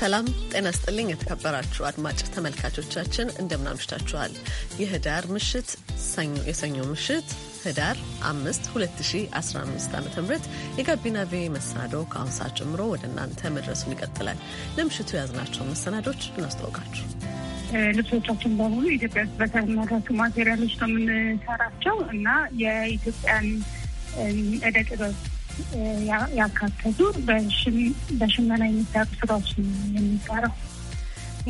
ሰላም ጤና ስጥልኝ የተከበራችሁ አድማጭ ተመልካቾቻችን እንደምናምሽታችኋል። የህዳር ምሽት የሰኞ ምሽት ህዳር 5 2015 ዓ ም የጋቢና ቪ መሰናዶ ከአሁን ሰዓት ጀምሮ ወደ እናንተ መድረሱን ይቀጥላል። ለምሽቱ የያዝናቸውን መሰናዶች እናስታውቃችሁ። ልብሶቻችን በሙሉ ኢትዮጵያ ውስጥ በተመረቱ ማቴሪያሎች ነው የምንሰራቸው እና የኢትዮጵያን እደ ጥበብ ያካተቱ በሽመና የሚሰሩ ስራዎች የሚሰራው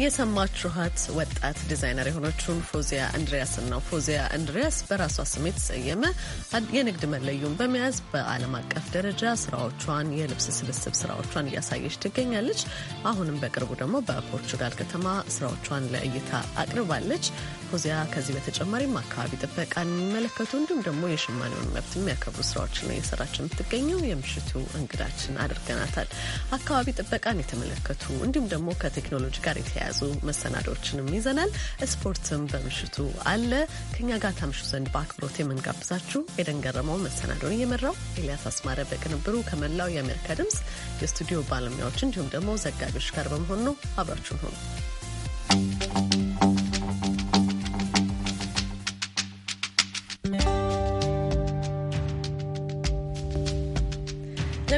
የሰማችኋት ወጣት ዲዛይነር የሆነችውን ፎዚያ አንድሪያስን ነው። ፎዚያ አንድሪያስ በራሷ ስም የተሰየመ የንግድ መለዩን በመያዝ በዓለም አቀፍ ደረጃ ስራዎቿን፣ የልብስ ስብስብ ስራዎቿን እያሳየች ትገኛለች። አሁንም በቅርቡ ደግሞ በፖርቹጋል ከተማ ስራዎቿን ለእይታ አቅርባለች። ፎዚያ ከዚህ በተጨማሪም አካባቢ ጥበቃን የሚመለከቱ እንዲሁም ደግሞ የሸማኔውን መብት የሚያከብሩ ስራዎችን እየሰራች የምትገኘው የምሽቱ እንግዳችን አድርገናታል። አካባቢ ጥበቃን የተመለከቱ እንዲሁም ደግሞ ከቴክኖሎጂ ጋር የተያ የተያያዙ መሰናዶችንም ይዘናል። ስፖርትም በምሽቱ አለ። ከኛ ጋር ታምሹ ዘንድ በአክብሮት የምንጋብዛችሁ ኤደን ገረመው መሰናዶን እየመራው፣ ኤልያስ አስማረ በቅንብሩ ከመላው የአሜሪካ ድምፅ የስቱዲዮ ባለሙያዎች እንዲሁም ደግሞ ዘጋቢዎች ጋር በመሆን ነው። አብራችሁን ሆኑ።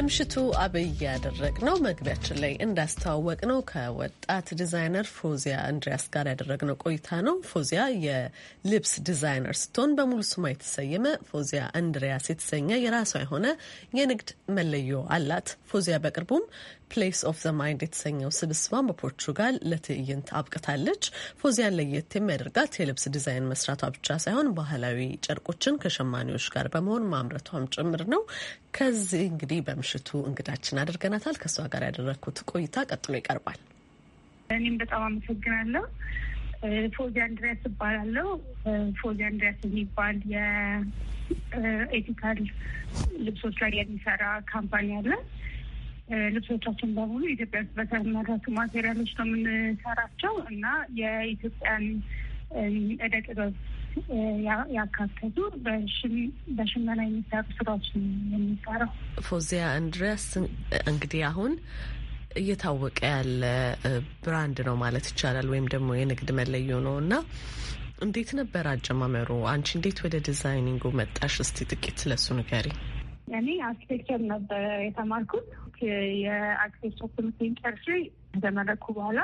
ለምሽቱ አብይ ያደረግ ነው መግቢያችን ላይ እንዳስተዋወቅ ነው ከወጣት ዲዛይነር ፎዚያ አንድሪያስ ጋር ያደረግነው ቆይታ ነው። ፎዚያ የልብስ ዲዛይነር ስትሆን በሙሉ ስሟ የተሰየመ ፎዚያ አንድሪያስ የተሰኘ የራሷ የሆነ የንግድ መለዮ አላት። ፎዚያ በቅርቡም ፕሌስ ኦፍ ዘ ማይንድ የተሰኘው ስብስቧን በፖርቹጋል ለትዕይንት አብቅታለች። ፎዚያን ለየት የሚያደርጋት የልብስ ዲዛይን መስራቷ ብቻ ሳይሆን ባህላዊ ጨርቆችን ከሸማኔዎች ጋር በመሆን ማምረቷም ጭምር ነው። ከዚህ እንግዲህ በምሽቱ የምሽቱ እንግዳችን አድርገናታል። ከእሷ ጋር ያደረግኩት ቆይታ ቀጥሎ ይቀርባል። እኔም በጣም አመሰግናለሁ። ፎዚ አንድሪያስ እባላለሁ። ፎዚ አንድሪያስ የሚባል የኤቲካል ልብሶች ላይ የሚሰራ ካምፓኒ አለ። ልብሶቻችን በሙሉ ኢትዮጵያ ውስጥ በተመረቱ ማቴሪያሎች ነው የምንሰራቸው እና የኢትዮጵያን እደ ጥበብ ያካተቱ በሽመና የሚሰሩ ስራዎች የሚሰራው ፎዚያ እንድሪያስ እንግዲህ አሁን እየታወቀ ያለ ብራንድ ነው ማለት ይቻላል፣ ወይም ደግሞ የንግድ መለዮ ነው እና እንዴት ነበር አጀማመሩ? አንቺ እንዴት ወደ ዲዛይኒንጉ መጣሽ? እስቲ ጥቂት ስለሱ ንገሪ። እኔ አርኪቴክቸር ነበረ የተማርኩት። የአርኪቴክቸር ትምህርት ጨርሼ ከተመረኩ በኋላ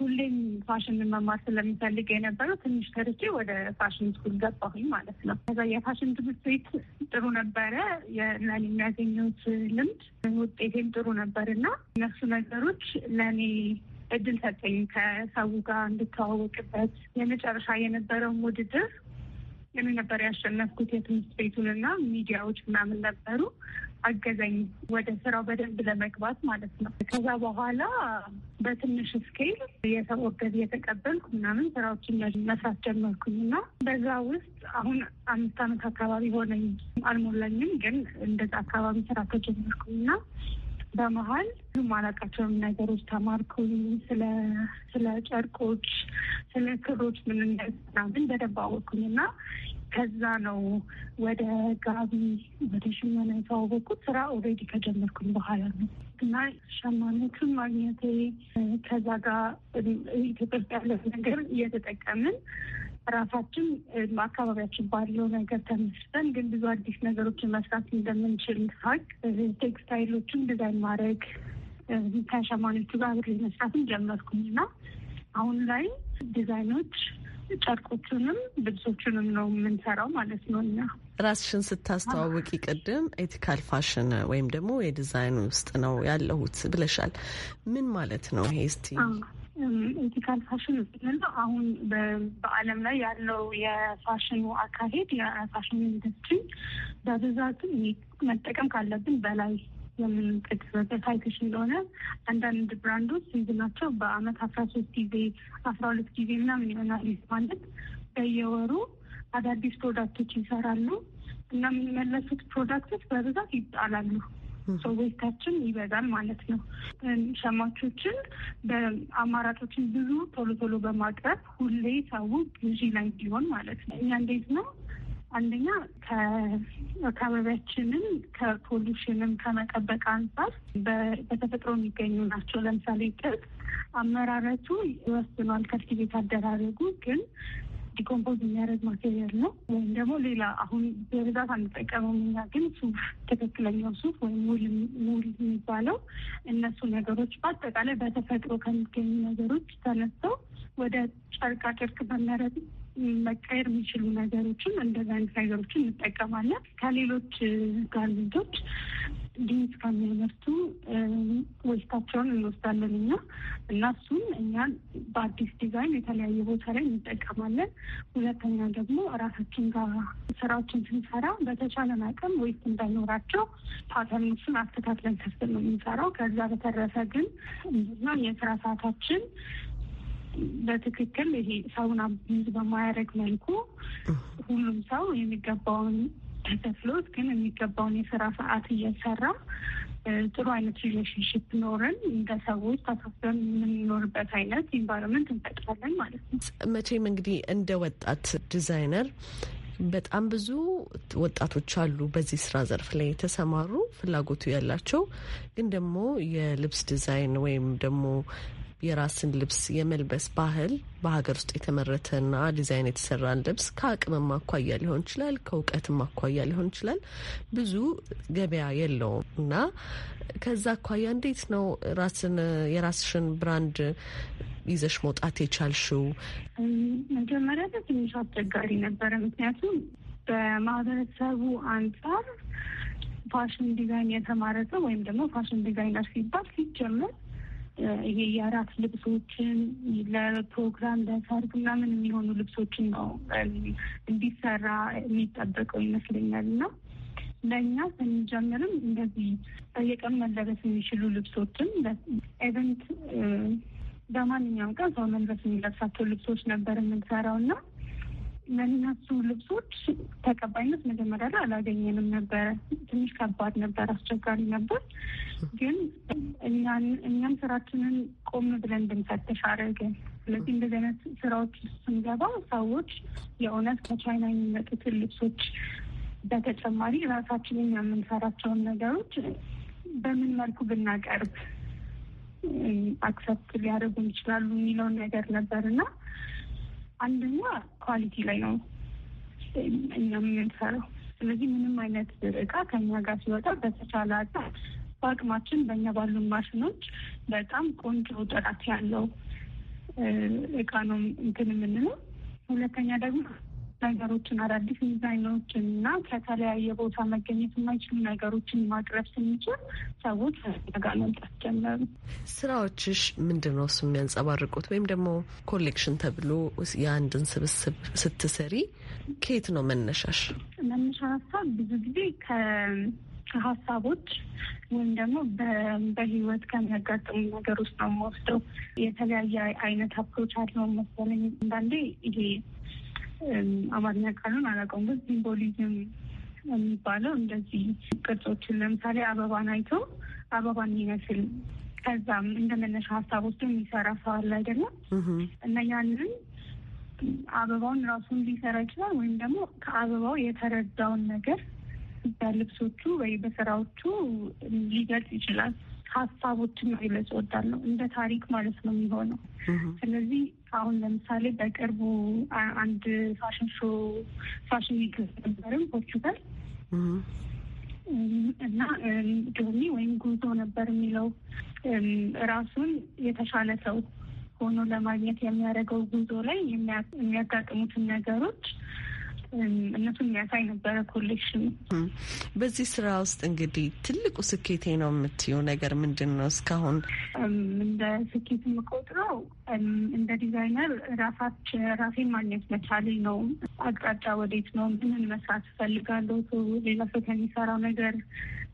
ሁሌም ፋሽንን መማር ስለሚፈልግ የነበረው ትንሽ ተርቼ ወደ ፋሽን ስኩል ገባሁኝ ማለት ነው። ከዛ የፋሽን ትምህርት ቤት ጥሩ ነበረ። ለኔ የሚያገኘሁት ልምድ ውጤቴም ጥሩ ነበር እና እነሱ ነገሮች ለእኔ እድል ሰጠኝ ከሰው ጋር እንድተዋወቅበት። የመጨረሻ የነበረውን ውድድር እኔ ነበር ያሸነፍኩት። የትምህርት ቤቱንና ሚዲያዎች ምናምን ነበሩ አገዘኝ ወደ ስራው በደንብ ለመግባት ማለት ነው። ከዛ በኋላ በትንሽ ስኬል የሰው ወገዝ እየተቀበልኩ ምናምን ስራዎችን መስራት ጀመርኩኝ እና በዛ ውስጥ አሁን አምስት ዓመት አካባቢ ሆነኝ። አልሞላኝም ግን እንደዛ አካባቢ ስራ ተጀመርኩኝ እና በመሀል ማላቃቸውም ነገሮች ተማርኩኝ። ስለ ስለ ጨርቆች፣ ስለ ክሮች ምንነት ምናምን በደንብ አወቅኩኝ እና ከዛ ነው ወደ ጋቢ ወደ ሽመና የተዋወቁት። ስራ ኦልሬዲ ከጀመርኩኝ በኋላ ነው እና ሸማኖቹን ማግኘቴ ከዛ ጋር ኢትዮጵያ ያለ ነገር እየተጠቀምን ራሳችን አካባቢያችን ባለው ነገር ተመስርተን ግን ብዙ አዲስ ነገሮችን መስራት እንደምንችል ሀቅ ቴክስታይሎችን ዲዛይን ማድረግ ከሸማኖቹ ጋር ብሬ መስራትን ጀመርኩኝ እና አሁን ላይ ዲዛይኖች ጨርቆቹንም ልብሶቹንም ነው የምንሰራው ማለት ነው እኛ። ራስሽን ስታስተዋውቂ ቅድም ኤቲካል ፋሽን ወይም ደግሞ የዲዛይን ውስጥ ነው ያለሁት ብለሻል። ምን ማለት ነው ይሄ? እስቲ ኤቲካል ፋሽን ምንለው አሁን በዓለም ላይ ያለው የፋሽኑ አካሄድ የፋሽን ኢንዱስትሪ በብዛትም መጠቀም ካለብን በላይ የምንጠቅስበት አይተሽ እንደሆነ አንዳንድ ብራንዶች እንትን ናቸው። በአመት አስራ ሶስት ጊዜ አስራ ሁለት ጊዜ ምናምን ይሆናል። ማለት በየወሩ አዳዲስ ፕሮዳክቶች ይሰራሉ እና የሚመለሱት ፕሮዳክቶች በብዛት ይጣላሉ። ሰዎቻችን ይበዛል ማለት ነው። ሸማቾችን በአማራጮችን ብዙ ቶሎ ቶሎ በማቅረብ ሁሌ ሰው ግዢ ላይ እንዲሆን ማለት ነው። እኛ እንዴት ነው አንደኛ ከአካባቢያችንን ከፖሉሽንም ከመጠበቅ አንጻር በተፈጥሮ የሚገኙ ናቸው። ለምሳሌ ጥጥ አመራረቱ ይወስኗል። ከፍት ቤት አደራረጉ ግን ዲኮምፖዝ የሚያደርግ ማቴሪያል ነው ወይም ደግሞ ሌላ አሁን በብዛት አንጠቀመም እኛ ግን ሱፍ፣ ትክክለኛው ሱፍ ወይም ሙል የሚባለው እነሱ ነገሮች በአጠቃላይ በተፈጥሮ ከሚገኙ ነገሮች ተነስተው ወደ ጨርቃ ጨርቅ በሚያደርግ መቀየር የሚችሉ ነገሮችን እንደዚ አይነት ነገሮችን እንጠቀማለን። ከሌሎች ጋዜጦች ዲንስ ከሚያመርቱ ወስታቸውን እንወስዳለን እኛ እና እሱም በአዲስ ዲዛይን የተለያየ ቦታ ላይ እንጠቀማለን። ሁለተኛ ደግሞ እራሳችን ጋር ስራዎችን ስንሰራ በተቻለን አቅም ወይስ እንዳይኖራቸው ፓተርኖችን አስተካክለን ከስር ነው የምንሰራው። ከዛ በተረፈ ግን ና የስራ ሰዓታችን በትክክል ይሄ ሰውን አቢዝ በማያደርግ መልኩ ሁሉም ሰው የሚገባውን ተከፍሎት ግን የሚገባውን የስራ ሰዓት እየሰራ ጥሩ አይነት ሪሌሽንሽፕ ኖረን እንደ ሰዎች ተሳስበን የምንኖርበት አይነት ኢንቫይሮንመንት እንፈጥራለን ማለት ነው። መቼም እንግዲህ እንደ ወጣት ዲዛይነር በጣም ብዙ ወጣቶች አሉ በዚህ ስራ ዘርፍ ላይ የተሰማሩ ፍላጎቱ ያላቸው ግን ደግሞ የልብስ ዲዛይን ወይም ደግሞ የራስን ልብስ የመልበስ ባህል በሀገር ውስጥ የተመረተና ዲዛይን የተሰራን ልብስ ከአቅምም አኳያ ሊሆን ይችላል፣ ከእውቀትም አኳያ ሊሆን ይችላል። ብዙ ገበያ የለውም እና ከዛ አኳያ እንዴት ነው ራስን የራስሽን ብራንድ ይዘሽ መውጣት የቻልሽው? መጀመሪያ ትንሽ አስቸጋሪ ነበረ። ምክንያቱም በማህበረሰቡ አንጻር ፋሽን ዲዛይን የተማረ ሰው ወይም ደግሞ ፋሽን ዲዛይነር ሲባል ሲጀምር ይሄ የአራት ልብሶችን ለፕሮግራም ለሰርግ ምናምን የሚሆኑ ልብሶችን ነው እንዲሰራ የሚጠበቀው ይመስለኛል እና ለእኛ ስንጀምርም እንደዚህ በየቀን መለበስ የሚችሉ ልብሶችን ኤቨንት በማንኛውም ቀን ሰው መልበስ የሚለብሳቸው ልብሶች ነበር የምንሰራው እና ለእነሱ ልብሶች ተቀባይነት መጀመሪያ ላይ አላገኘንም ነበረ። ትንሽ ከባድ ነበር፣ አስቸጋሪ ነበር። ግን እኛም ስራችንን ቆም ብለን እንድንፈትሽ አደረገን። ስለዚህ እንደዚህ አይነት ስራዎች ስንገባ ሰዎች የእውነት ከቻይና የሚመጡትን ልብሶች በተጨማሪ ራሳችንን የምንሰራቸውን ነገሮች በምን መልኩ ብናቀርብ አክሰፕት ሊያደርጉን ይችላሉ የሚለውን ነገር ነበር እና አንደኛ ኳሊቲ ላይ ነው እኛም የምንሰራው። ስለዚህ ምንም አይነት እቃ ከኛ ጋር ሲወጣ በተቻለ አጣ በአቅማችን በእኛ ባሉ ማሽኖች በጣም ቆንጆ ጥራት ያለው እቃ ነው እንትን የምንለው። ሁለተኛ ደግሞ ነገሮችን አዳዲስ ዲዛይኖችን እና ከተለያየ ቦታ መገኘት የማይችሉ ነገሮችን ማቅረብ ስንችል ሰዎች ጋር መምጣት ጀመሩ። ስራዎችሽ ምንድን ነው እሱ የሚያንጸባርቁት ወይም ደግሞ ኮሌክሽን ተብሎ የአንድን ስብስብ ስትሰሪ ከየት ነው መነሻሽ? መነሻ ሀሳብ ብዙ ጊዜ ከሀሳቦች ወይም ደግሞ በህይወት ከሚያጋጥሙ ነገር ውስጥ ነው የምወስደው። የተለያየ አይነት አፕሮች አለው መሰለኝ። አንዳንዴ ይሄ አማርኛ ቃሉን አላውቀውም፣ ግን ሲምቦሊዝም የሚባለው እንደዚህ ቅርጾችን ለምሳሌ አበባን አይቶ አበባን የሚመስል ከዛም እንደ መነሻ ሀሳብ ውስጥ የሚሰራ ሰው አለ አይደለም እና ያንን አበባውን ራሱን ሊሰራ ይችላል። ወይም ደግሞ ከአበባው የተረዳውን ነገር በልብሶቹ ወይ በስራዎቹ ሊገልጽ ይችላል። ሀሳቦችን መግለጽ እወዳለሁ፣ እንደ ታሪክ ማለት ነው የሚሆነው። ስለዚህ አሁን ለምሳሌ በቅርቡ አንድ ፋሽን ሾ ፋሽን ዊክ ነበርም ፖርቹጋል እና ጆኒ ወይም ጉዞ ነበር የሚለው ራሱን የተሻለ ሰው ሆኖ ለማግኘት የሚያደርገው ጉዞ ላይ የሚያጋጥሙትን ነገሮች እነሱን የሚያሳይ ነበረ ኮሌክሽን። በዚህ ስራ ውስጥ እንግዲህ ትልቁ ስኬቴ ነው የምትዩ ነገር ምንድን ነው? እስካሁን እንደ ስኬት የምቆጥረው እንደ ዲዛይነር ራሳች ራሴን ማግኘት መቻሌ ነው። አቅጣጫ ወዴት ነው፣ ምንን መስራት እፈልጋለሁ፣ ሌላ ሰው ከሚሰራው ነገር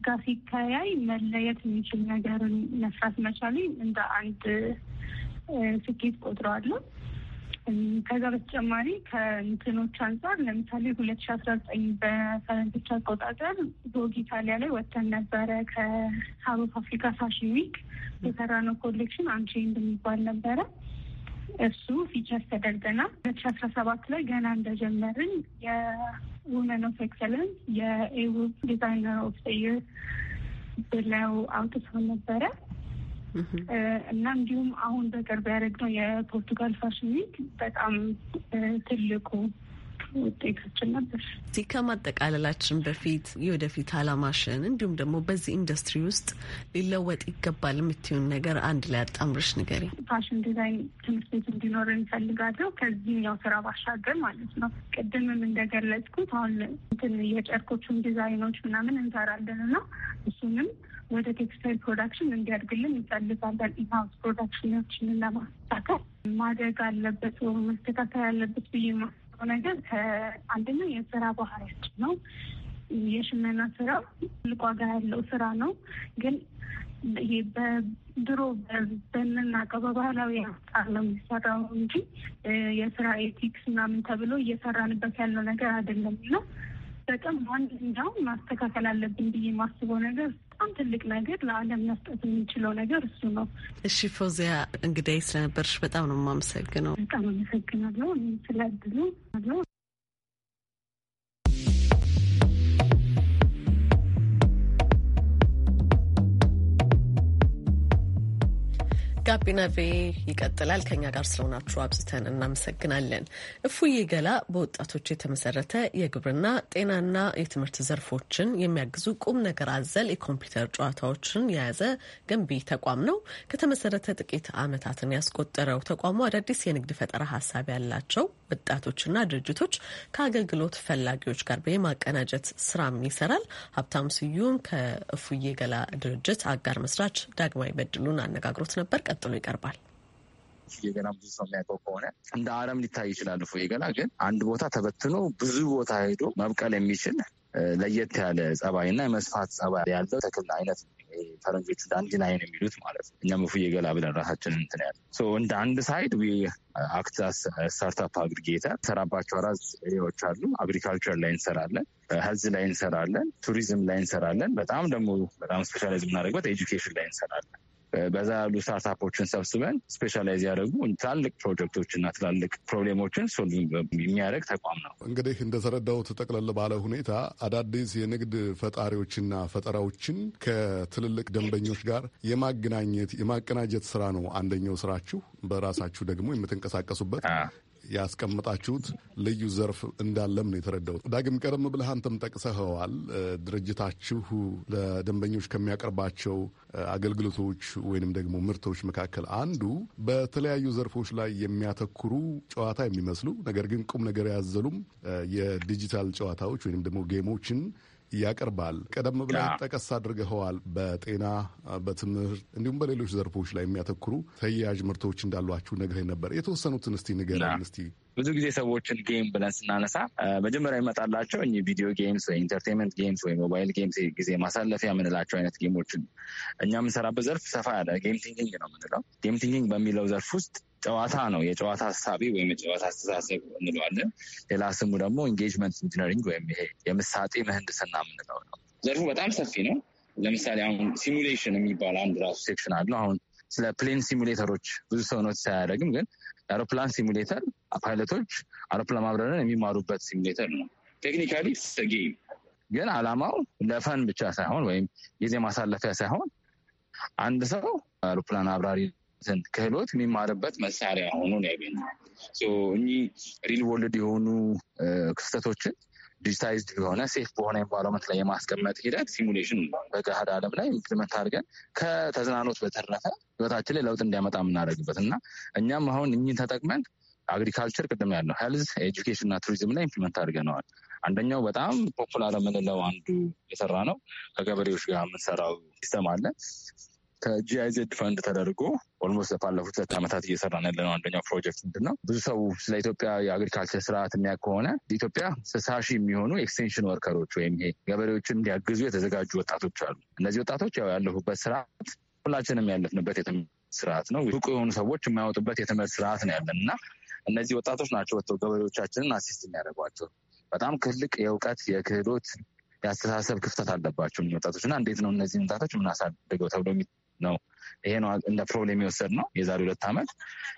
ጋር ሲተያይ መለየት የሚችል ነገርን መስራት መቻሌ እንደ አንድ ስኬት ቆጥረዋለሁ። ከዛ በተጨማሪ ከእንትኖች አንጻር ለምሳሌ ሁለት ሺ አስራ ዘጠኝ በፈረንጆች አቆጣጠር ዞግ ኢታሊያ ላይ ወተን ነበረ ከሀብ ኦፍ አፍሪካ ፋሽን ዊክ የሰራነው ኮሌክሽን አንቼንድ የሚባል ነበረ። እሱ ፊቸርስ ተደርገናል። ሁለት ሺ አስራ ሰባት ላይ ገና እንደጀመርን የውመን ኦፍ ኤክሰለንስ የኤውብ ዲዛይነር ኦፍ ዘ ይር ብለው አውጥተው ነበረ። Mm-hmm. እና እንዲሁም አሁን በቅርብ ያደረግነው የፖርቱጋል ፋሽን ዊክ በጣም ትልቁ ውጤታችን ነበር። ከማጠቃለላችን በፊት የወደፊት አላማሽን እንዲሁም ደግሞ በዚህ ኢንዱስትሪ ውስጥ ሊለወጥ ይገባል የምትሆን ነገር አንድ ላይ አጣምርሽ ንገሪ። ፋሽን ዲዛይን ትምህርት ቤት እንዲኖር እንፈልጋለሁ። ከዚህኛው ስራ ባሻገር ማለት ነው። ቅድምም እንደገለጽኩት አሁን እንትን የጨርቆቹን ዲዛይኖች ምናምን እንሰራለን እና እሱንም ወደ ቴክስታይል ፕሮዳክሽን እንዲያድግልን እንፈልጋለን። ኢንሃውስ ፕሮዳክሽኖችንን ለማስተካከል ማደግ አለበት መስተካከል ያለበት ብዬ የማስበው ነገር ከአንደኛው የስራ ባህሪያችን ነው። የሽመና ስራ ትልቅ ዋጋ ያለው ስራ ነው። ግን ይሄ በድሮ በምናውቀው በባህላዊ አንጻር ነው የሚሰራው እንጂ የስራ ኤቲክስ ምናምን ተብሎ እየሰራንበት ያለው ነገር አይደለም እና መጠቀም አንድ እንዲያውም ማስተካከል አለብን ብዬ ማስበው ነገር በጣም ትልቅ ነገር ለዓለም መስጠት የምንችለው ነገር እሱ ነው። እሺ ፎዚያ እንግዳይ ስለነበርሽ በጣም ነው የማመሰግነው። በጣም አመሰግናለሁ ስለ እድሉ። ጋቢና ቬ ይቀጥላል። ከኛ ጋር ስለሆናችሁ አብዝተን እናመሰግናለን። እፉዬ ገላ በወጣቶች የተመሰረተ የግብርና ጤናና የትምህርት ዘርፎችን የሚያግዙ ቁም ነገር አዘል የኮምፒውተር ጨዋታዎችን የያዘ ገንቢ ተቋም ነው። ከተመሰረተ ጥቂት ዓመታትን ያስቆጠረው ተቋሙ አዳዲስ የንግድ ፈጠራ ሀሳብ ያላቸው ወጣቶችና ድርጅቶች ከአገልግሎት ፈላጊዎች ጋር በማቀናጀት ስራም ይሰራል። ሀብታም ስዩም ከእፉዬ ገላ ድርጅት አጋር መስራች ዳግማዊ በድሉን አነጋግሮት ነበር። ቀጥሎ ይቀርባል። ፉጌገና ብዙ ሰው የሚያውቀው ከሆነ እንደ አረም ሊታይ ይችላል። ገና ግን አንድ ቦታ ተበትኖ ብዙ ቦታ ሄዶ መብቀል የሚችል ለየት ያለ ጸባይ እና የመስፋት ጸባይ ያለው ተክል አይነት ፈረንጆቹ ዳንዲን የሚሉት ማለት ነው። እኛም ፉጌገና ብለን ራሳችን እንትን ያለ እንደ አንድ ሳይድ አክት ስታርታፕ አግሪጌተር ሰራባቸው አራት ዎች አሉ። አግሪካልቸር ላይ እንሰራለን፣ ሄልዝ ላይ እንሰራለን፣ ቱሪዝም ላይ እንሰራለን። በጣም ደግሞ በጣም ስፔሻላይዝ የምናደርግበት ኤጁኬሽን ላይ እንሰራለን። በዛ ያሉ ስታርታፖችን ሰብስበን ስፔሻላይዝ ያደረጉ ትላልቅ ፕሮጀክቶችና ትላልቅ ፕሮብሌሞችን የሚያደርግ ተቋም ነው። እንግዲህ እንደተረዳሁት ጠቅለል ባለ ሁኔታ አዳዲስ የንግድ ፈጣሪዎችና ፈጠራዎችን ከትልልቅ ደንበኞች ጋር የማገናኘት የማቀናጀት ስራ ነው አንደኛው ስራችሁ። በራሳችሁ ደግሞ የምትንቀሳቀሱበት ያስቀምጣችሁት ልዩ ዘርፍ እንዳለም ነው የተረዳሁት። ዳግም ቀደም ብለህ አንተም ጠቅሰኸዋል። ድርጅታችሁ ለደንበኞች ከሚያቀርባቸው አገልግሎቶች ወይንም ደግሞ ምርቶች መካከል አንዱ በተለያዩ ዘርፎች ላይ የሚያተኩሩ ጨዋታ የሚመስሉ ነገር ግን ቁም ነገር ያዘሉም የዲጂታል ጨዋታዎች ወይንም ደግሞ ጌሞችን ያቀርባል። ቀደም ብለህ ጠቀስ አድርገኸዋል። በጤና በትምህርት፣ እንዲሁም በሌሎች ዘርፎች ላይ የሚያተኩሩ ተያያዥ ምርቶች እንዳሏችሁ ነግረኝ ነበር። የተወሰኑትን እስቲ ንገረን እስቲ ብዙ ጊዜ ሰዎችን ጌም ብለን ስናነሳ መጀመሪያ ይመጣላቸው እ ቪዲዮ ጌምስ፣ ኢንተርቴንመንት ጌምስ ወይ ሞባይል ጌምስ ጊዜ ማሳለፊያ የምንላቸው አይነት ጌሞችን እኛ የምንሰራበት ዘርፍ ሰፋ ያለ ጌም ቲንኪንግ ነው የምንለው። ጌም ቲንኪንግ በሚለው ዘርፍ ውስጥ ጨዋታ ነው። የጨዋታ ሀሳቢ ወይም የጨዋታ አስተሳሰብ እንለዋለን። ሌላ ስሙ ደግሞ ኢንጌጅመንት ኢንጂነሪንግ ወይም ይሄ የምሳጤ ምህንድስና የምንለው ነው። ዘርፉ በጣም ሰፊ ነው። ለምሳሌ አሁን ሲሙሌሽን የሚባል አንድ ራሱ ሴክሽን አለው። አሁን ስለ ፕሌን ሲሙሌተሮች ብዙ ሰው ኖት ሳያደርግም፣ ግን የአውሮፕላን ሲሙሌተር ፓይለቶች አውሮፕላን ማብረርን የሚማሩበት ሲሙሌተር ነው። ቴክኒካሊ ጌም ግን አላማው ለፈን ብቻ ሳይሆን ወይም ጊዜ ማሳለፊያ ሳይሆን አንድ ሰው አውሮፕላን አብራሪ ክህሎት የሚማርበት መሳሪያ ሆኖ ነው ያገኘ እኚህ ሪል ወርልድ የሆኑ ክስተቶችን ዲጂታይዝድ የሆነ ሴፍ በሆነ ኤንቫይሮመንት ላይ የማስቀመጥ ሂደት ሲሙሌሽን በገሃድ ዓለም ላይ ኢምፕሊመንት አድርገን ከተዝናኖት በተረፈ ህይወታችን ላይ ለውጥ እንዲያመጣ የምናደርግበት እና እኛም አሁን እኚህን ተጠቅመን አግሪካልቸር ቅድም ያለው ሄልዝ፣ ኤጁኬሽን እና ቱሪዝም ላይ ኢምፕሊመንት አድርገነዋል። አንደኛው በጣም ፖፑላር የምንለው አንዱ የሰራ ነው። ከገበሬዎች ጋር የምንሰራው ሲስተም አለ። ከጂአይዜድ ፈንድ ተደርጎ ኦልሞስት ለባለፉት ሁለት ዓመታት እየሰራ ነው ያለነው አንደኛው ፕሮጀክት ምንድን ነው? ብዙ ሰው ስለ ኢትዮጵያ የአግሪካልቸር ስርዓት የሚያ ከሆነ ኢትዮጵያ ስልሳ ሺህ የሚሆኑ ኤክስቴንሽን ወርከሮች ወይም ይሄ ገበሬዎችን እንዲያግዙ የተዘጋጁ ወጣቶች አሉ። እነዚህ ወጣቶች ያው ያለፉበት ስርዓት ሁላችንም ያለፍንበት የትምህርት ስርዓት ነው። ብቁ የሆኑ ሰዎች የማያወጡበት የትምህርት ስርዓት ነው ያለን እና እነዚህ ወጣቶች ናቸው ወጥተው ገበሬዎቻችንን አሲስት የሚያደርጓቸው። በጣም ትልቅ የእውቀት የክህሎት የአስተሳሰብ ክፍተት አለባቸው ወጣቶች እና እንዴት ነው እነዚህ ወጣቶች ምናሳድገው ተብሎ ነው። ይሄ ነው እንደ ፕሮብሌም የወሰድ ነው የዛሬ ሁለት ዓመት።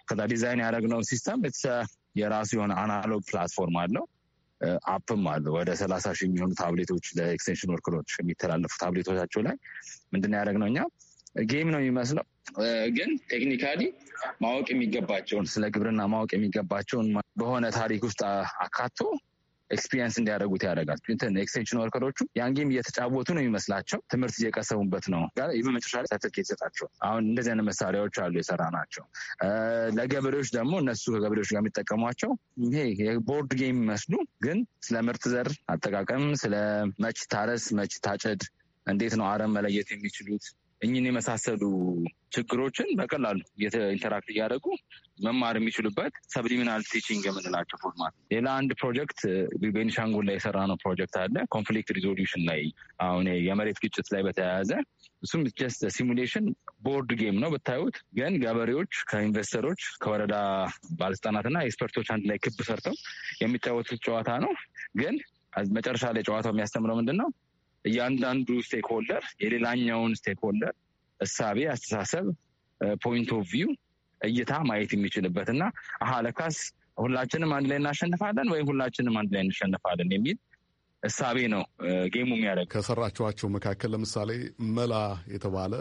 ከዛ ዲዛይን ያደረግነው ሲስተም የራሱ የሆነ አናሎግ ፕላትፎርም አለው አፕም አለው ወደ ሰላሳ ሺህ የሚሆኑ ታብሌቶች ለኤክስቴንሽን ወርክሮች የሚተላለፉ ታብሌቶቻቸው ላይ ምንድን ያደረግነው እኛ ጌም ነው የሚመስለው፣ ግን ቴክኒካሊ ማወቅ የሚገባቸውን ስለ ግብርና ማወቅ የሚገባቸውን በሆነ ታሪክ ውስጥ አካቶ ኤክስፒሪየንስ እንዲያደርጉት ያደርጋል። ኤክስቴንሽን ወርከሮቹ ያን ጌም እየተጫወቱ ነው የሚመስላቸው፣ ትምህርት እየቀሰሙበት ነው። መጨረሻ ላይ ሰርተፍኬት ይሰጣቸው። አሁን እንደዚህ አይነት መሳሪያዎች አሉ የሰራ ናቸው። ለገበሬዎች ደግሞ እነሱ ከገበሬዎች ጋር የሚጠቀሟቸው ይሄ የቦርድ ጌም የሚመስሉ ግን ስለ ምርት ዘር አጠቃቀም ስለ መች ታረስ መች ታጨድ እንዴት ነው አረም መለየት የሚችሉት እኝን የመሳሰሉ ችግሮችን በቀላሉ ኢንተራክት እያደረጉ መማር የሚችሉበት ሰብሊሚናል ቲችንግ የምንላቸው ፎርማት። ሌላ አንድ ፕሮጀክት ቤኒሻንጉል ላይ የሰራ ነው ፕሮጀክት አለ ኮንፍሊክት ሪዞሉሽን ላይ አሁን የመሬት ግጭት ላይ በተያያዘ እሱም ጀስት ሲሙሌሽን ቦርድ ጌም ነው ብታዩት። ግን ገበሬዎች ከኢንቨስተሮች ከወረዳ ባለስልጣናትና ኤክስፐርቶች አንድ ላይ ክብ ሰርተው የሚጫወቱት ጨዋታ ነው። ግን መጨረሻ ላይ ጨዋታው የሚያስተምረው ምንድን ነው? እያንዳንዱ ስቴክሆልደር የሌላኛውን ስቴክሆልደር እሳቤ፣ አስተሳሰብ፣ ፖይንት ኦፍ ቪው እይታ ማየት የሚችልበት እና አሃ ለካስ ሁላችንም አንድ ላይ እናሸንፋለን ወይም ሁላችንም አንድ ላይ እንሸንፋለን የሚል እሳቤ ነው ጌሙ የሚያደርገው። ከሰራችኋቸው መካከል ለምሳሌ መላ የተባለ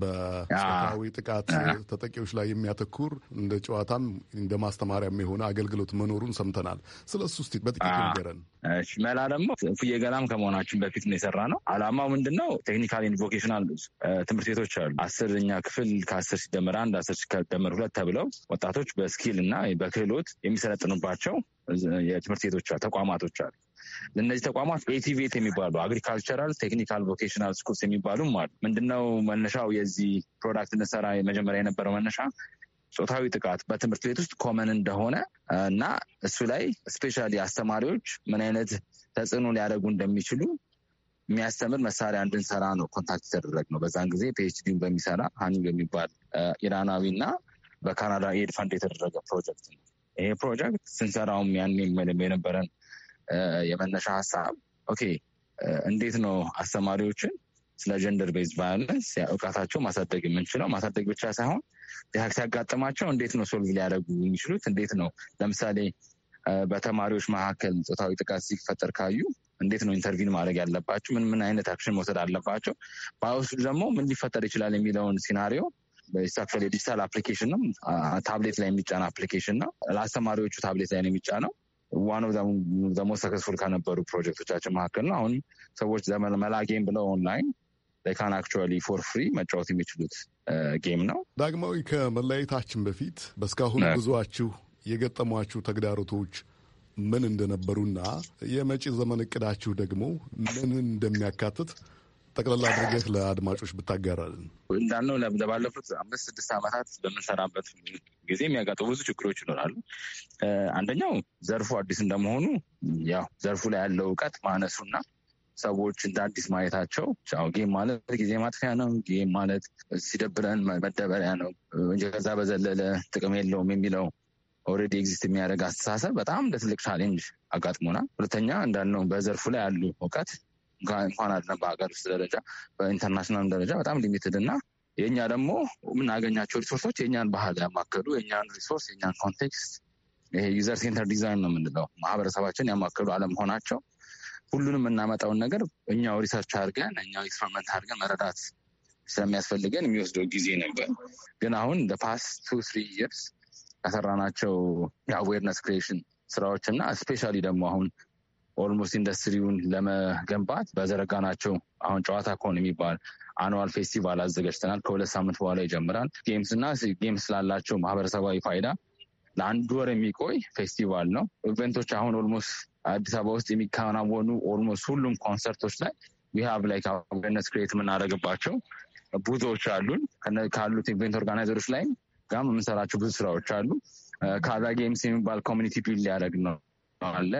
በጾታዊ ጥቃት ተጠቂዎች ላይ የሚያተኩር እንደ ጨዋታም እንደ ማስተማሪያም የሆነ አገልግሎት መኖሩን ሰምተናል። ስለ እሱ እስኪ በጥቂት ንገረን። መላ ደግሞ ፍየገላም ገላም ከመሆናችን በፊት ነው የሰራ ነው። አላማው ምንድን ነው? ቴክኒካል ኢን ቮኬሽናል ትምህርት ቤቶች አሉ። አስርኛ ክፍል ከአስር ሲደመር አንድ አስር ሲደመር ሁለት ተብለው ወጣቶች በስኪል እና በክህሎት የሚሰለጥኑባቸው የትምህርት ቤቶች ተቋማቶች አሉ። ለእነዚህ ተቋማት ኤቲቬት የሚባሉ አግሪካልቸራል ቴክኒካል ቮኬሽናል ስኩልስ የሚባሉም አሉ። ምንድነው መነሻው የዚህ ፕሮዳክት እንሰራ መጀመሪያ የነበረው መነሻ ጾታዊ ጥቃት በትምህርት ቤት ውስጥ ኮመን እንደሆነ እና እሱ ላይ ስፔሻሊ አስተማሪዎች ምን አይነት ተጽዕኖ ሊያደርጉ እንደሚችሉ የሚያስተምር መሳሪያ እንድንሰራ ነው ኮንታክት የተደረግ ነው። በዛን ጊዜ ፒኤችዲውን በሚሰራ ሀኒ በሚባል ኢራናዊ እና በካናዳ ኤድ ፈንድ የተደረገ ፕሮጀክት ነው። ይሄ ፕሮጀክት ስንሰራውም ያን የነበረን የመነሻ ሀሳብ ኦኬ እንዴት ነው አስተማሪዎችን ስለ ጀንደር ቤዝ ቫዮለንስ እውቀታቸው ማሳደግ የምንችለው? ማሳደግ ብቻ ሳይሆን ሲያጋጥማቸው እንዴት ነው ሶልቭ ሊያደርጉ የሚችሉት? እንዴት ነው ለምሳሌ በተማሪዎች መካከል ፆታዊ ጥቃት ሲፈጠር ካዩ እንዴት ነው ኢንተርቪን ማድረግ ያለባቸው? ምን ምን አይነት አክሽን መውሰድ አለባቸው? በአውስዱ ደግሞ ምን ሊፈጠር ይችላል የሚለውን ሲናሪዮ በሳል የዲጂታል አፕሊኬሽን ነው። ታብሌት ላይ የሚጫነው አፕሊኬሽን ነው። ለአስተማሪዎቹ ታብሌት ላይ ነው የሚጫነው። ዋን ኦፍ ዘሞስት ሰክሰስፉል ከነበሩ ፕሮጀክቶቻችን መካከል ነው። አሁን ሰዎች መላ ጌም ብለው ኦንላይን ካን አክቹዋሊ ፎር ፍሪ መጫወት የሚችሉት ጌም ነው። ዳግማዊ፣ ከመለያየታችን በፊት በእስካሁን ብዙችሁ የገጠሟችሁ ተግዳሮቶች ምን እንደነበሩና የመጪ ዘመን እቅዳችሁ ደግሞ ምን እንደሚያካትት ጠቅላላ አድርገህ ለአድማጮች ብታጋራልን። እንዳልነው ለባለፉት አምስት ስድስት ዓመታት በምንሰራበት ጊዜ የሚያጋጥሙ ብዙ ችግሮች ይኖራሉ። አንደኛው ዘርፉ አዲስ እንደመሆኑ ያው ዘርፉ ላይ ያለው እውቀት ማነሱና ሰዎች እንደ አዲስ ማየታቸው ጌም ማለት ጊዜ ማጥፊያ ነው፣ ጌም ማለት ሲደብረን መደበሪያ ነው እንጂ ከዛ በዘለለ ጥቅም የለውም የሚለው ኦልሬዲ ኤግዚስት የሚያደርግ አስተሳሰብ በጣም ለትልቅ ቻሌንጅ አጋጥሞናል። ሁለተኛ እንዳልነው በዘርፉ ላይ ያሉ እውቀት እንኳን አይደለም በሀገር ውስጥ ደረጃ በኢንተርናሽናል ደረጃ በጣም ሊሚትድ እና የእኛ ደግሞ የምናገኛቸው ሪሶርሶች የእኛን ባህል ያማከሉ የእኛን ሪሶርስ የእኛን ኮንቴክስት ይሄ ዩዘር ሴንተር ዲዛይን ነው የምንለው ማህበረሰባችን ያማከሉ አለመሆናቸው ሁሉንም የምናመጣውን ነገር እኛው ሪሰርች አድርገን እኛው ኤክስፐሪመንት አድርገን መረዳት ስለሚያስፈልገን የሚወስደው ጊዜ ነበር። ግን አሁን ፓስ ቱ ስሪ ይርስ ከሰራናቸው የአዌርነስ ክሪኤሽን ስራዎች እና ስፔሻሊ ደግሞ አሁን ኦልሞስት ኢንዱስትሪውን ለመገንባት በዘረጋ ናቸው። አሁን ጨዋታ ከሆን የሚባል አኑዋል ፌስቲቫል አዘጋጅተናል። ከሁለት ሳምንት በኋላ ይጀምራል። ጌምስ እና ጌምስ ስላላቸው ማህበረሰባዊ ፋይዳ ለአንድ ወር የሚቆይ ፌስቲቫል ነው። ኢቨንቶች አሁን ኦልሞስት አዲስ አበባ ውስጥ የሚከናወኑ ኦልሞስት ሁሉም ኮንሰርቶች ላይ ዊሃብ ላይ ከአዌርነስ ክሬት የምናደርግባቸው ብዙዎች አሉን። ካሉት ኢቨንት ኦርጋናይዘሮች ላይ ጋም የምንሰራቸው ብዙ ስራዎች አሉ። ካዛ ጌምስ የሚባል ኮሚኒቲ ቢል ሊያደርግ ነው አለ።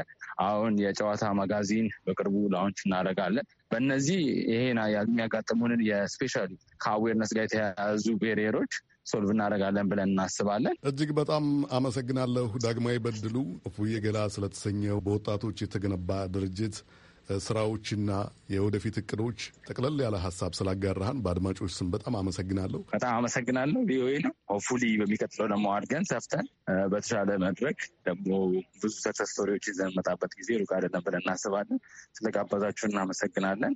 አሁን የጨዋታ መጋዚን በቅርቡ ላውንች እናደርጋለን። በእነዚህ ይሄን የሚያጋጥሙንን የስፔሻል ከአዌርነስ ጋር የተያያዙ ቤሪየሮች ሶልቭ እናደርጋለን ብለን እናስባለን። እጅግ በጣም አመሰግናለሁ። ዳግማዊ በድሉ ፉዬ ገላ ስለተሰኘው በወጣቶች የተገነባ ድርጅት ስራዎችና የወደፊት እቅዶች ጠቅለል ያለ ሀሳብ ስላጋራህን በአድማጮች ስም በጣም አመሰግናለሁ። በጣም አመሰግናለሁ። ቪኦኤ ነው። ሆፉሊ በሚቀጥለው ደግሞ አድገን ሰፍተን በተሻለ መድረክ ደግሞ ብዙ ሰክሰስ ስቶሪዎች ይዘን መጣበት ጊዜ ሩቅ አይደለም ብለን እናስባለን። ስለጋበዛችሁን እናመሰግናለን።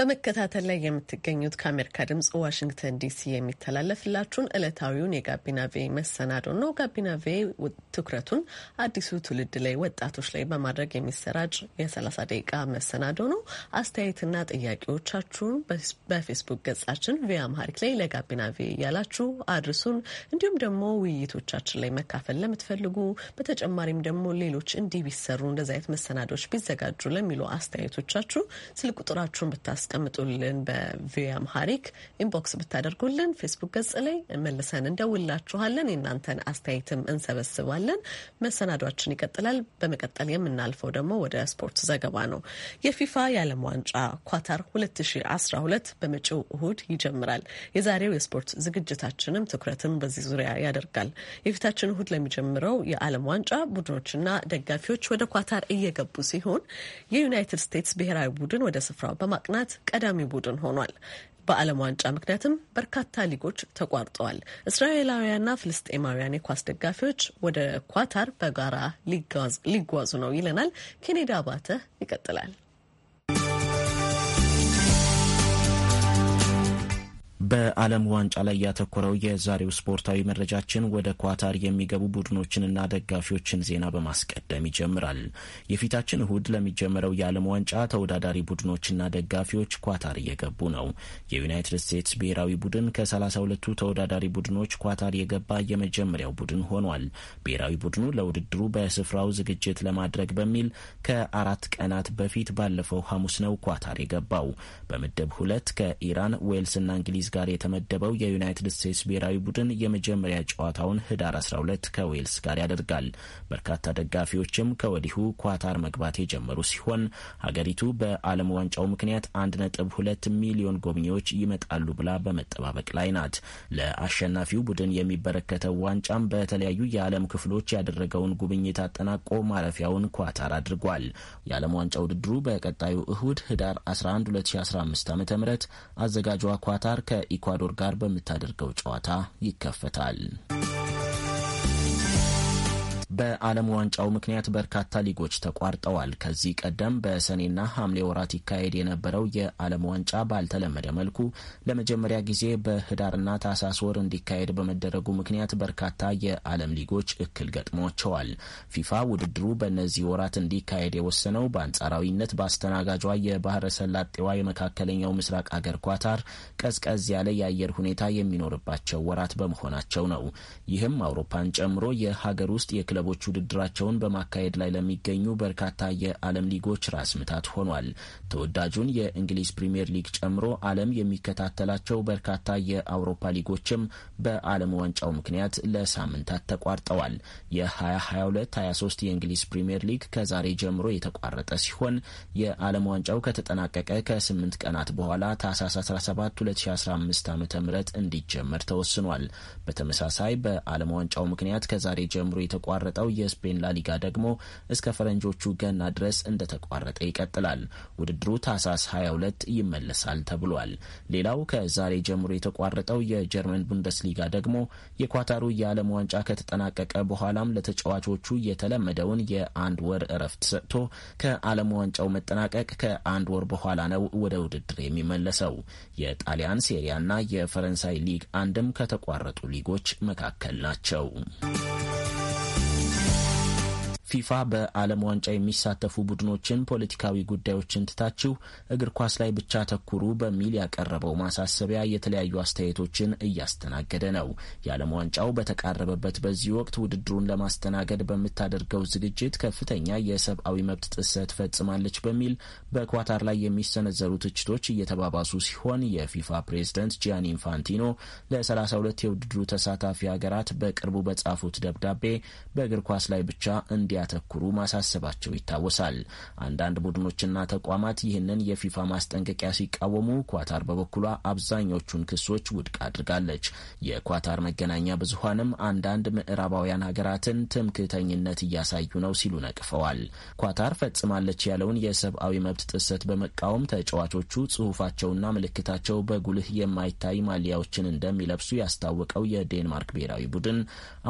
በመከታተል ላይ የምትገኙት ከአሜሪካ ድምጽ ዋሽንግተን ዲሲ የሚተላለፍላችሁን ዕለታዊውን የጋቢና ቬ መሰናዶ ነው። ጋቢና ቬ ትኩረቱን አዲሱ ትውልድ ላይ፣ ወጣቶች ላይ በማድረግ የሚሰራጭ የ30 ደቂቃ መሰናዶ ነው። አስተያየትና ጥያቄዎቻችሁን በፌስቡክ ገጻችን ቪ አምሃሪክ ላይ ለጋቢና ቬ እያላችሁ አድርሱን። እንዲሁም ደግሞ ውይይቶቻችን ላይ መካፈል ለምትፈልጉ በተጨማሪም ደግሞ ሌሎች እንዲህ ቢሰሩ እንደዚ አይነት መሰናዶች ቢዘጋጁ ለሚሉ አስተያየቶቻችሁ ስልክ ቁጥራችሁን ብታስ ብታስቀምጡልን በቪኦኤ አምሃሪክ ኢንቦክስ ብታደርጉልን ፌስቡክ ገጽ ላይ መልሰን እንደውላችኋለን። የእናንተን አስተያየትም እንሰበስባለን። መሰናዷችን ይቀጥላል። በመቀጠል የምናልፈው ደግሞ ወደ ስፖርት ዘገባ ነው። የፊፋ የዓለም ዋንጫ ኳታር 2012 በመጪው እሁድ ይጀምራል። የዛሬው የስፖርት ዝግጅታችንም ትኩረትን በዚህ ዙሪያ ያደርጋል። የፊታችን እሁድ ለሚጀምረው የዓለም ዋንጫ ቡድኖችና ደጋፊዎች ወደ ኳታር እየገቡ ሲሆን የዩናይትድ ስቴትስ ብሔራዊ ቡድን ወደ ስፍራው በማቅናት በመግባት ቀዳሚ ቡድን ሆኗል። በዓለም ዋንጫ ምክንያትም በርካታ ሊጎች ተቋርጠዋል። እስራኤላውያንና ፍልስጤማውያን የኳስ ደጋፊዎች ወደ ኳታር በጋራ ሊጓዙ ነው ይለናል። ኬኔዳ አባተ ይቀጥላል። በዓለም ዋንጫ ላይ ያተኮረው የዛሬው ስፖርታዊ መረጃችን ወደ ኳታር የሚገቡ ቡድኖችንና ደጋፊዎችን ዜና በማስቀደም ይጀምራል። የፊታችን እሁድ ለሚጀመረው የዓለም ዋንጫ ተወዳዳሪ ቡድኖችና ደጋፊዎች ኳታር እየገቡ ነው። የዩናይትድ ስቴትስ ብሔራዊ ቡድን ከ 32 ተወዳዳሪ ቡድኖች ኳታር የገባ የመጀመሪያው ቡድን ሆኗል። ብሔራዊ ቡድኑ ለውድድሩ በስፍራው ዝግጅት ለማድረግ በሚል ከአራት ቀናት በፊት ባለፈው ሐሙስ ነው ኳታር የገባው። በምድብ ሁለት ከኢራን ዌልስና እንግሊዝ ጋር ጋር የተመደበው የዩናይትድ ስቴትስ ብሔራዊ ቡድን የመጀመሪያ ጨዋታውን ህዳር 12 ከዌልስ ጋር ያደርጋል። በርካታ ደጋፊዎችም ከወዲሁ ኳታር መግባት የጀመሩ ሲሆን ሀገሪቱ በዓለም ዋንጫው ምክንያት 1.2 ሚሊዮን ጎብኚዎች ይመጣሉ ብላ በመጠባበቅ ላይ ናት። ለአሸናፊው ቡድን የሚበረከተው ዋንጫም በተለያዩ የዓለም ክፍሎች ያደረገውን ጉብኝት አጠናቆ ማረፊያውን ኳታር አድርጓል። የዓለም ዋንጫ ውድድሩ በቀጣዩ እሁድ ህዳር 11 2015 ዓ ም አዘጋጇ ኳታር ከ ከኢኳዶር ጋር በምታደርገው ጨዋታ ይከፈታል። በዓለም ዋንጫው ምክንያት በርካታ ሊጎች ተቋርጠዋል። ከዚህ ቀደም በሰኔና ሐምሌ ወራት ይካሄድ የነበረው የዓለም ዋንጫ ባልተለመደ መልኩ ለመጀመሪያ ጊዜ በህዳርና ታህሳስ ወር እንዲካሄድ በመደረጉ ምክንያት በርካታ የዓለም ሊጎች እክል ገጥሟቸዋል። ፊፋ ውድድሩ በእነዚህ ወራት እንዲካሄድ የወሰነው በአንጻራዊነት በአስተናጋጇ የባህረ ሰላጤዋ የመካከለኛው ምስራቅ አገር ኳታር ቀዝቀዝ ያለ የአየር ሁኔታ የሚኖርባቸው ወራት በመሆናቸው ነው። ይህም አውሮፓን ጨምሮ የሀገር ውስጥ የክለቦ ክለቦች ውድድራቸውን በማካሄድ ላይ ለሚገኙ በርካታ የዓለም ሊጎች ራስ ምታት ሆኗል። ተወዳጁን የእንግሊዝ ፕሪምየር ሊግ ጨምሮ ዓለም የሚከታተላቸው በርካታ የአውሮፓ ሊጎችም በዓለም ዋንጫው ምክንያት ለሳምንታት ተቋርጠዋል። የ2022/23 የእንግሊዝ ፕሪምየር ሊግ ከዛሬ ጀምሮ የተቋረጠ ሲሆን የዓለም ዋንጫው ከተጠናቀቀ ከ8 ቀናት በኋላ ታህሳስ 17 2015 ዓ ም እንዲጀመር ተወስኗል። በተመሳሳይ በዓለም ዋንጫው ምክንያት ከዛሬ ጀምሮ የተቋረጠ የተቋረጠው የስፔን ላሊጋ ደግሞ እስከ ፈረንጆቹ ገና ድረስ እንደተቋረጠ ይቀጥላል። ውድድሩ ታህሳስ 22 ይመለሳል ተብሏል። ሌላው ከዛሬ ጀምሮ የተቋረጠው የጀርመን ቡንደስሊጋ ደግሞ የኳታሩ የዓለም ዋንጫ ከተጠናቀቀ በኋላም ለተጫዋቾቹ የተለመደውን የአንድ ወር እረፍት ሰጥቶ ከዓለም ዋንጫው መጠናቀቅ ከአንድ ወር በኋላ ነው ወደ ውድድር የሚመለሰው። የጣሊያን ሴሪያና የፈረንሳይ ሊግ አንድም ከተቋረጡ ሊጎች መካከል ናቸው። ፊፋ በዓለም ዋንጫ የሚሳተፉ ቡድኖችን ፖለቲካዊ ጉዳዮችን ትታችሁ እግር ኳስ ላይ ብቻ ተኩሩ በሚል ያቀረበው ማሳሰቢያ የተለያዩ አስተያየቶችን እያስተናገደ ነው። የዓለም ዋንጫው በተቃረበበት በዚህ ወቅት ውድድሩን ለማስተናገድ በምታደርገው ዝግጅት ከፍተኛ የሰብአዊ መብት ጥሰት ፈጽማለች በሚል በኳታር ላይ የሚሰነዘሩ ትችቶች እየተባባሱ ሲሆን የፊፋ ፕሬዝደንት ጂያኒ ኢንፋንቲኖ ለ32 የውድድሩ ተሳታፊ ሀገራት በቅርቡ በጻፉት ደብዳቤ በእግር ኳስ ላይ ብቻ እንዲያ እንዲያተኩሩ ማሳሰባቸው ይታወሳል። አንዳንድ ቡድኖችና ተቋማት ይህንን የፊፋ ማስጠንቀቂያ ሲቃወሙ፣ ኳታር በበኩሏ አብዛኞቹን ክሶች ውድቅ አድርጋለች። የኳታር መገናኛ ብዙሀንም አንዳንድ ምዕራባውያን ሀገራትን ትምክህተኝነት እያሳዩ ነው ሲሉ ነቅፈዋል። ኳታር ፈጽማለች ያለውን የሰብአዊ መብት ጥሰት በመቃወም ተጫዋቾቹ ጽሁፋቸውና ምልክታቸው በጉልህ የማይታይ ማሊያዎችን እንደሚለብሱ ያስታወቀው የዴንማርክ ብሔራዊ ቡድን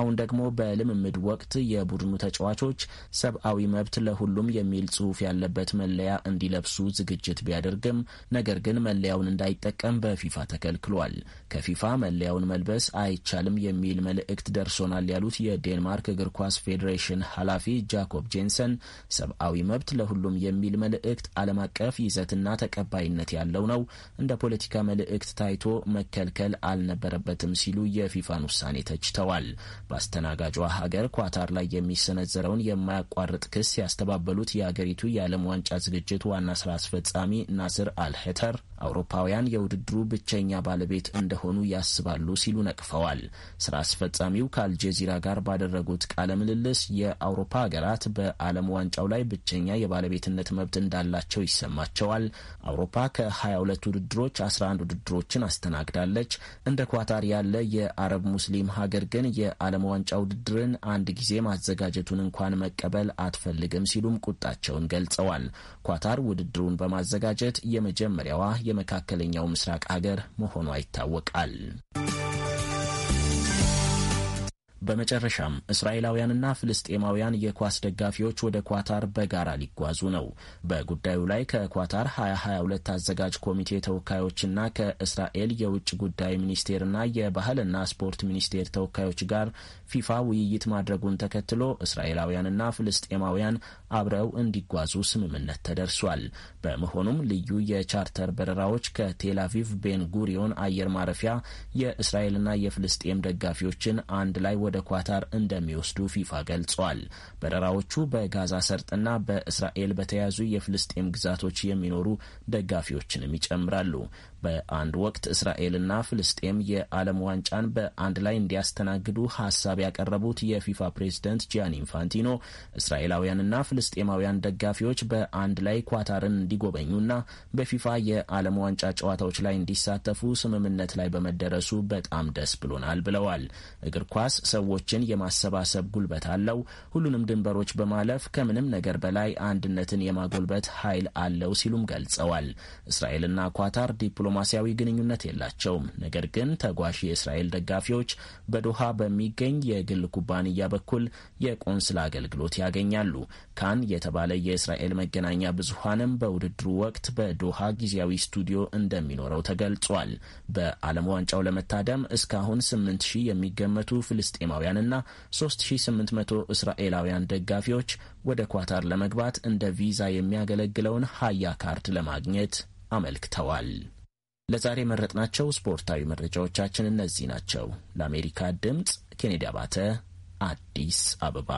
አሁን ደግሞ በልምምድ ወቅት የቡድኑ ተጫዋቾች ዜጎች ሰብአዊ መብት ለሁሉም የሚል ጽሑፍ ያለበት መለያ እንዲለብሱ ዝግጅት ቢያደርግም ነገር ግን መለያውን እንዳይጠቀም በፊፋ ተከልክሏል። ከፊፋ መለያውን መልበስ አይቻልም የሚል መልእክት ደርሶናል ያሉት የዴንማርክ እግር ኳስ ፌዴሬሽን ኃላፊ ጃኮብ ጄንሰን ሰብአዊ መብት ለሁሉም የሚል መልእክት ዓለም አቀፍ ይዘትና ተቀባይነት ያለው ነው፣ እንደ ፖለቲካ መልእክት ታይቶ መከልከል አልነበረበትም ሲሉ የፊፋን ውሳኔ ተችተዋል። በአስተናጋጇ ሀገር ኳታር ላይ የሚሰነዘረውን የማያቋርጥ ክስ ያስተባበሉት የአገሪቱ የዓለም ዋንጫ ዝግጅት ዋና ስራ አስፈጻሚ ናስር አልሄተር አውሮፓውያን የውድድሩ ብቸኛ ባለቤት እንደሆኑ ያስባሉ ሲሉ ነቅፈዋል። ስራ አስፈጻሚው ከአልጀዚራ ጋር ባደረጉት ቃለ ምልልስ የአውሮፓ ሀገራት በዓለም ዋንጫው ላይ ብቸኛ የባለቤትነት መብት እንዳላቸው ይሰማቸዋል። አውሮፓ ከ22 ውድድሮች 11 ውድድሮችን አስተናግዳለች። እንደ ኳታር ያለ የአረብ ሙስሊም ሀገር ግን የዓለም ዋንጫ ውድድርን አንድ ጊዜ ማዘጋጀቱን እንኳን መቀበል አትፈልግም ሲሉም ቁጣቸውን ገልጸዋል። ኳታር ውድድሩን በማዘጋጀት የመጀመሪያዋ የመካከለኛው ምስራቅ አገር መሆኗ ይታወቃል። በመጨረሻም እስራኤላውያንና ፍልስጤማውያን የኳስ ደጋፊዎች ወደ ኳታር በጋራ ሊጓዙ ነው። በጉዳዩ ላይ ከኳታር 2022 አዘጋጅ ኮሚቴ ተወካዮችና ከእስራኤል የውጭ ጉዳይ ሚኒስቴርና የባህልና ስፖርት ሚኒስቴር ተወካዮች ጋር ፊፋ ውይይት ማድረጉን ተከትሎ እስራኤላውያንና ፍልስጤማውያን አብረው እንዲጓዙ ስምምነት ተደርሷል። በመሆኑም ልዩ የቻርተር በረራዎች ከቴላቪቭ ቤንጉሪዮን ቤን ጉሪዮን አየር ማረፊያ የእስራኤልና የፍልስጤም ደጋፊዎችን አንድ ላይ ወደ ኳታር እንደሚወስዱ ፊፋ ገልጿል። በረራዎቹ በጋዛ ሰርጥና በእስራኤል በተያዙ የፍልስጤም ግዛቶች የሚኖሩ ደጋፊዎችንም ይጨምራሉ። በአንድ ወቅት እስራኤልና ፍልስጤም የዓለም ዋንጫን በአንድ ላይ እንዲያስተናግዱ ሀሳብ ያቀረቡት የፊፋ ፕሬዝደንት ጂያኒ ኢንፋንቲኖ እስራኤላውያንና ፍልስጤማውያን ደጋፊዎች በአንድ ላይ ኳታርን እንዲጎበኙና በፊፋ የዓለም ዋንጫ ጨዋታዎች ላይ እንዲሳተፉ ስምምነት ላይ በመደረሱ በጣም ደስ ብሎናል ብለዋል። እግር ኳስ ሰዎችን የማሰባሰብ ጉልበት አለው። ሁሉንም ድንበሮች በማለፍ ከምንም ነገር በላይ አንድነትን የማጎልበት ኃይል አለው ሲሉም ገልጸዋል። እስራኤልና ኳታር ዲፕሎ ዲፕሎማሲያዊ ግንኙነት የላቸውም። ነገር ግን ተጓዥ የእስራኤል ደጋፊዎች በዶሃ በሚገኝ የግል ኩባንያ በኩል የቆንስል አገልግሎት ያገኛሉ። ካን የተባለ የእስራኤል መገናኛ ብዙሃንም በውድድሩ ወቅት በዶሃ ጊዜያዊ ስቱዲዮ እንደሚኖረው ተገልጿል። በዓለም ዋንጫው ለመታደም እስካሁን ሺህ የሚገመቱ ፍልስጤማውያንና 3800 እስራኤላውያን ደጋፊዎች ወደ ኳታር ለመግባት እንደ ቪዛ የሚያገለግለውን ሀያ ካርድ ለማግኘት አመልክተዋል። ለዛሬ መረጥናቸው ስፖርታዊ መረጃዎቻችን እነዚህ ናቸው። ለአሜሪካ ድምፅ ኬኔዲ አባተ አዲስ አበባ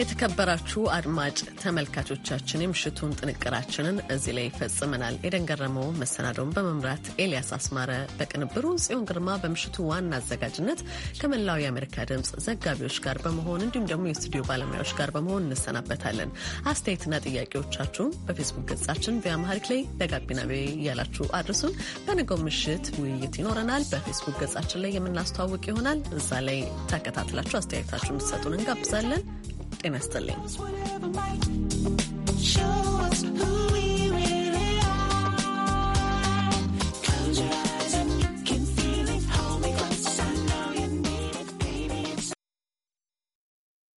የተከበራችሁ አድማጭ ተመልካቾቻችን የምሽቱን ጥንቅራችንን እዚህ ላይ ይፈጽመናል። ኤደን ገረመው መሰናዶውን በመምራት ኤልያስ አስማረ በቅንብሩ፣ ጽዮን ግርማ በምሽቱ ዋና አዘጋጅነት ከመላው የአሜሪካ ድምፅ ዘጋቢዎች ጋር በመሆን እንዲሁም ደግሞ የስቱዲዮ ባለሙያዎች ጋር በመሆን እንሰናበታለን። አስተያየትና ጥያቄዎቻችሁን በፌስቡክ ገጻችን ቢያማሪክ ላይ ለጋቢና ቤ እያላችሁ አድርሱን። በነገው ምሽት ውይይት ይኖረናል። በፌስቡክ ገጻችን ላይ የምናስተዋውቅ ይሆናል። እዛ ላይ ተከታትላችሁ አስተያየታችሁን እንሰጡን እንጋብዛለን። ጤና ይስጥልኝ።